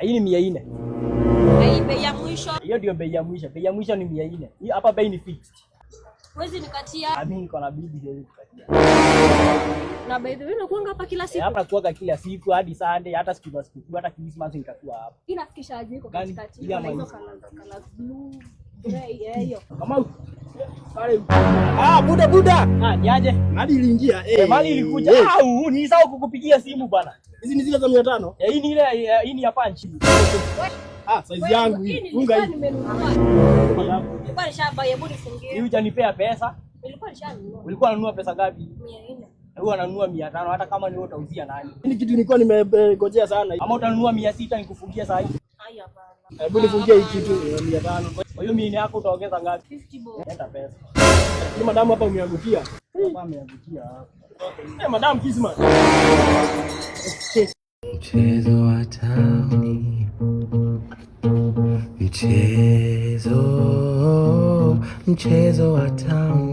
Hii ni mia nne. Bei ya mwisho. Hiyo ndio bei ya mwisho. Bei ya mwisho ni mia nne. Hii hapa bei ni fixed. Huwezi nikatia. Mimi niko na bibi siwezi kukatia. Na by the way unakuanga hapa kila eh, siku? Hapa nakuanga kila siku hadi Sunday, hata siku siku hata Christmas nitakuwa hapa. Inafikishaje iko yaani, katikati? Eh, Kama Ah, buda buda. Ah, niaje? Mali iliingia. Eh, eh mali ilikuja. Eh. ni sawa kukupigia simu bwana. Hizi ni zile za 500? Eh, hii ni ile eh, hii ni ya punch. Ah, size yangu hii. Funga hii. hebu nifungie. Hii hujanipea pesa. Ulikuwa unanunua pesa ngapi? 400. Huwa ananunua hata kama ni wewe utauzia nani? Hii kitu nilikuwa nimegojea sana. Ama utanunua nikufungia saa hii? Hebu nifungie hii kitu kwa hiyo mini yako utaongeza ngapi? 50 bob. Nenda pesa. Ni madamu hapa umeangukia. Hapa ameangukia. Eh, madamu Kisma. Mchezo wa tauni. Mchezo. Mchezo wa tauni.